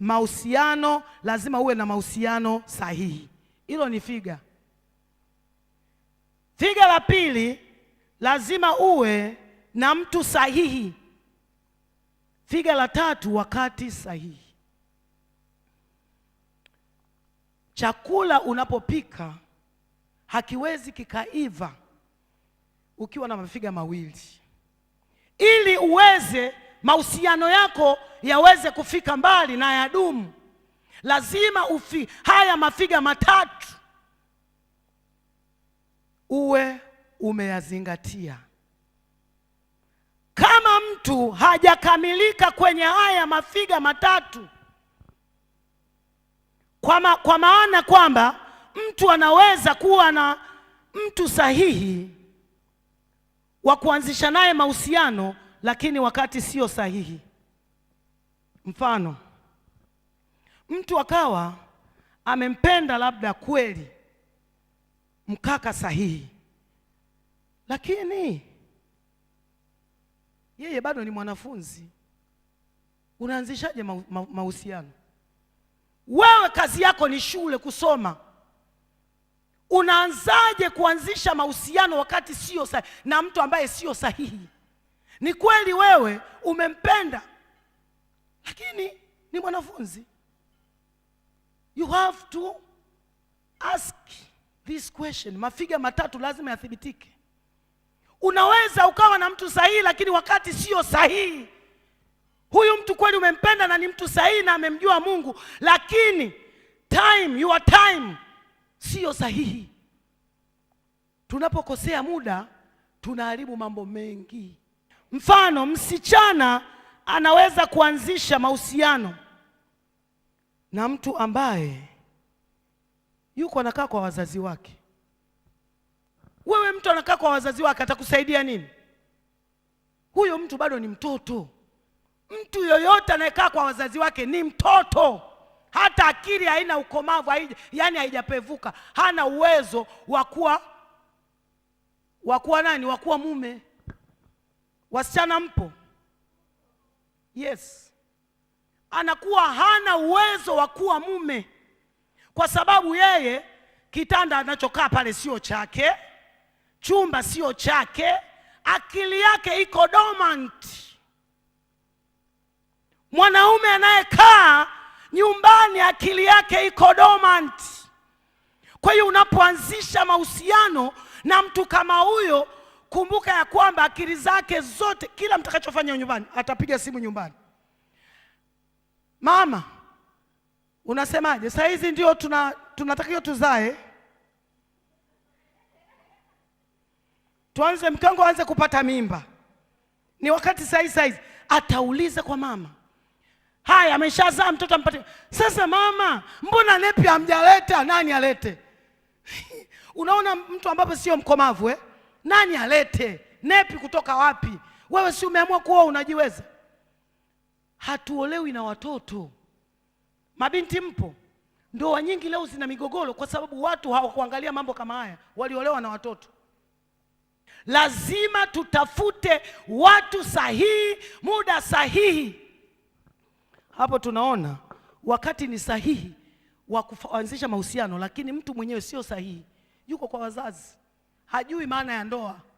mahusiano, lazima uwe na mahusiano sahihi. Hilo ni figa. Figa la pili, lazima uwe na mtu sahihi. Figa la tatu, wakati sahihi. Chakula unapopika hakiwezi kikaiva ukiwa na mafiga mawili. Ili uweze mahusiano yako yaweze kufika mbali na yadumu, lazima ufi haya mafiga matatu uwe umeyazingatia. Kama mtu hajakamilika kwenye haya mafiga matatu kwa, ma, kwa maana kwamba mtu anaweza kuwa na mtu sahihi wa kuanzisha naye mahusiano lakini wakati sio sahihi. Mfano, mtu akawa amempenda labda kweli mkaka sahihi, lakini yeye bado ni mwanafunzi. Unaanzishaje mahusiano? Wewe kazi yako ni shule, kusoma. Unaanzaje kuanzisha mahusiano wakati sio sahihi na mtu ambaye sio sahihi? Ni kweli wewe umempenda, lakini ni mwanafunzi. You have to ask this question. Mafiga matatu lazima yathibitike. Unaweza ukawa na mtu sahihi, lakini wakati sio sahihi. Huyu mtu kweli umempenda na ni mtu sahihi na amemjua Mungu, lakini time, your time siyo sahihi. Tunapokosea muda tunaharibu mambo mengi. Mfano, msichana anaweza kuanzisha mahusiano na mtu ambaye yuko anakaa kwa wazazi wake. Wewe mtu anakaa kwa wazazi wake atakusaidia nini? Huyo mtu bado ni mtoto. Mtu yoyote anayekaa kwa wazazi wake ni mtoto, hata akili haina ukomavu, haija, yaani haijapevuka, hana uwezo wa kuwa wa kuwa nani, wa kuwa mume Wasichana mpo? Yes, anakuwa hana uwezo wa kuwa mume kwa sababu yeye kitanda anachokaa pale sio chake, chumba sio chake, akili yake iko dormant. Mwanaume anayekaa nyumbani akili yake iko dormant. Kwa hiyo unapoanzisha mahusiano na mtu kama huyo kumbuka ya kwamba akili zake zote, kila mtakachofanya nyumbani atapiga simu nyumbani. Mama unasemaje? Saa hizi ndio tuna tunatakiwa tuzae, tuanze mkango, aanze kupata mimba, ni wakati saa hizi. Saa hizi atauliza kwa mama Haya, ameshazaa mtoto ampatie. Sasa mama, mbona nepi hamjaleta? Nani alete? Unaona mtu ambapo sio mkomavu eh? Nani alete nepi? Kutoka wapi? Wewe si umeamua kuoa, unajiweza. Hatuolewi na watoto. Mabinti mpo? Ndoa nyingi leo zina migogoro kwa sababu watu hawakuangalia mambo kama haya, waliolewa na watoto. Lazima tutafute watu sahihi, muda sahihi. Hapo tunaona wakati ni sahihi wa kuanzisha mahusiano, lakini mtu mwenyewe sio sahihi, yuko kwa wazazi hajui maana ya ndoa.